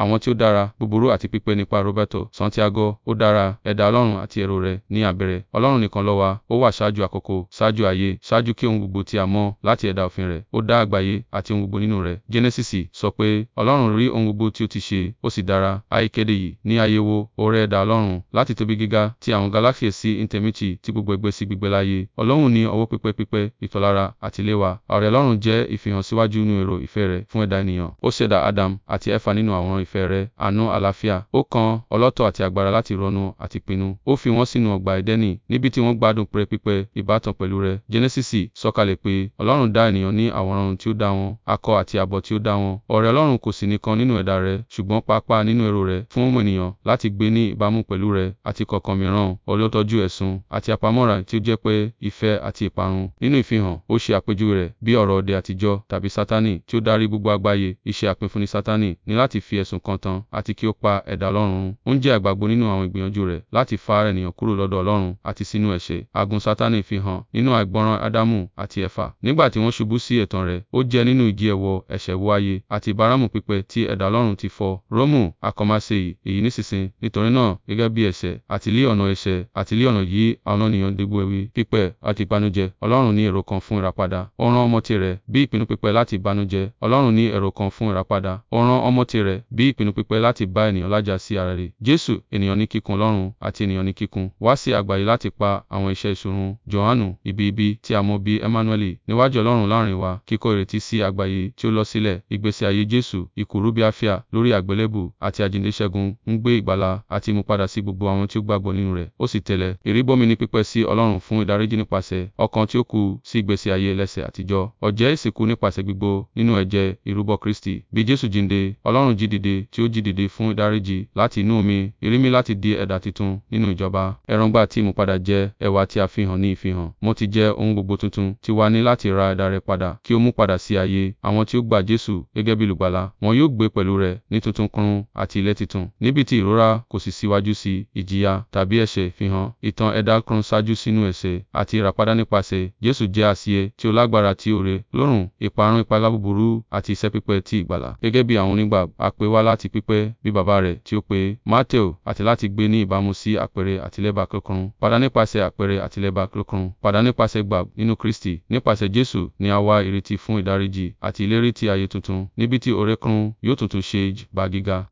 Àwọn tí ó dára, búburú àti pípé nípa Roberto Santiago. Ó dára, ẹ̀dá Ọlọ́run àti èrò rẹ̀ ní abẹ́rẹ́. Ọlọ́run nìkan ló wà, ó wà ṣáájú àkókò, ṣáájú ayé, ṣáájú kí ohun gbogbo tí a mọ̀ láti ẹ̀dá òfin rẹ̀. Ó dá àgbáyé àti ohun gbogbo nínú rẹ̀. Jenesisi sọ pé, Ọlọ́run rí ohun gbogbo tí ó ti ṣe, ó sì dára. Àìkéde yìí ní àyẹ̀wò oore ẹ̀dá Ọlọ́run láti tóbi gíga ti àwọn galaxy sí intermiti ti gbogbo ẹgbẹ́ sí gbígbé láyé. Ọlọ́run ní ọwọ́ pípẹ́ pípẹ́, ìtọ́lára àti lẹ́wà. Ọ̀rẹ́ Ọlọ́run Adam àti Éfà nínú àwòrán ìfẹ́ rẹ̀, àánú àlàáfíà. Ó kan ọlọ́tọ̀ àti agbára láti ronú àti pinnu. Ó fi wọ́n sínú ọgbà Edeni, níbi tí wọ́n gbádùn pé pípẹ́ ìbátan pẹ̀lú rẹ̀. Jenesisi sọ̀kalẹ̀ pé Ọlọ́run dá ènìyàn ní àwòrán tí ó dá wọn, akọ àti abo tí ó dá wọn. Ọ̀rẹ́ Ọlọ́run kò sì nìkan nínú ẹ̀dá rẹ̀, ṣùgbọ́n pàápàá nínú èrò rẹ̀ fún ọmọ ènìyàn láti gbé ní ìbámu pẹ̀lú rẹ̀ àti kọ̀ọ̀kan mìíràn. Olótọ́jú ẹ̀sùn àti àpamọ́ra tí ó jẹ́ pé ìfẹ́ àti ìparun. Nínú ìfihàn, ó ṣe àpèjúwe rẹ̀ bí ọ̀rọ̀ òde àtijọ́ tàbí Sátánì tí ó dárí gbogbo àgbáyé. Iṣẹ́ àpínfúnni Sátánì ni láti fi ẹ̀sùn ẹ̀sùn kan tán àti kí ó pa ẹ̀dá Ọlọ́run. Ó ń jẹ́ àgbàgbọ́ nínú àwọn ìgbìyànjú rẹ̀ láti fa ara ènìyàn kúrò lọ́dọ̀ Ọlọ́run àti sínú ẹ̀ṣẹ̀. Agun Satani fi hàn nínú àìgbọràn Ádámù àti ẹ̀fà. Nígbà tí wọ́n ṣubú sí ẹ̀tàn rẹ̀, ó jẹ nínú ìjì ẹ̀wọ̀ ẹ̀ṣẹ̀ wọ ayé àti ìbáramu pípẹ́ tí ẹ̀dá Ọlọ́run ti fọ́. Rómù àkọ́máṣe yìí, èyí nísinsin, nítorí náà, gẹ́gẹ́ bí ẹ̀ṣẹ̀, àti lé ọ̀nà ẹ̀ṣẹ̀, àti lé ọ̀nà yìí, àwọn ènìyàn digbó ewì, pípẹ́, àti ìbànújẹ́. Ọlọ́run ní èrò kan fún ìràpadà. Ó rán ọmọ tirẹ̀ bí ìpinnu pípẹ́ láti ìbànújẹ́. Ọlọ́run ní èrò kan fún ìràpadà. Ó rán ọmọ tirẹ̀ bí bí ìpinnu pípẹ́ láti bá ènìyàn lájà sí ara rẹ̀. Jésù, ènìyàn ní kíkún Ọlọ́run àti ènìyàn ní kíkún, wá sí àgbáyé láti pa àwọn iṣẹ́ ìṣòro. Jòhánù, ibi ibi tí a mọ̀ bí Emmanuel, níwájú Ọlọ́run láàrin wa, kíkó ìrètí sí àgbáyé tí ó lọ sílẹ̀, ìgbésí ayé Jésù, ikú rúbí àfíà lórí àgbélébù àti àjíǹde ṣẹ́gun, ń gbé ìgbàlà àti ìmúpadà sí gbogbo àwọn tí ó gbàgbọ́ nínú rẹ̀. Ó sì tẹ̀lé ìrìbọmi ní pípẹ́ sí Ọlọ́run fún ìdáríjì nípasẹ̀ ọkàn tí ó kú sí ìgbésí ayé ẹlẹ́ṣẹ̀ àtijọ́. Ọ̀jẹ́ ìsìnkú nípasẹ̀ gbígbó nínú ẹ̀jẹ̀ ìrúbọ Kristi. Bí Jésù jíǹde, Ọlọ́run jí dìde jáde tí ó jí dìde fún ìdáríjì láti inú omi, ìrí mi láti di ẹ̀dà tuntun nínú ìjọba. Èròǹgbà tí ìmúpadà jẹ́ ẹwà tí a fihàn ní ìfihàn. Mo ti jẹ ohun gbogbo tuntun. Tiwa ni láti ra ẹ̀dá rẹ̀ padà kí ó mú padà sí ayé. Àwọn tí ó gba Jésù gẹ́gẹ́ bí olùgbàlà, wọn yóò gbé pẹ̀lú rẹ̀ ní tuntun kúrun àti ilé tuntun, níbi tí ìrora kò sì síwájú sí ìjìyà tàbí ẹ̀ṣẹ̀ fihàn. Ìtàn ẹ̀dá kúrun ṣáájú sínú ẹ̀ṣẹ̀ àti ìràpadà nípasẹ̀ Jésù jẹ́ àsìá tí ó lágbára tí òrè, lọ́rùn, ìparun ìpalára búburú àti iṣẹ́ pípé ti ìgbàlà. Gẹ́gẹ́ bí àwọn onígbàgbọ́, a pè láti pípẹ́ bí bàbá rẹ̀ tí ó pe Mateo àti láti gbé ní ìbámu sí àpẹẹrẹ àtìlẹ́bà kíkún. Padà nípasẹ̀ àpẹẹrẹ àtìlẹ́bà kíkún. Padà nípasẹ̀ gbà nínú Kristi. Nípasẹ̀ Jésù ni a wá ìrètí fún ìdáríjì àti ìlérí ti ayé tuntun, níbi tí ọ̀rẹ́kùnrun yóò tuntun ṣe gbà gíga.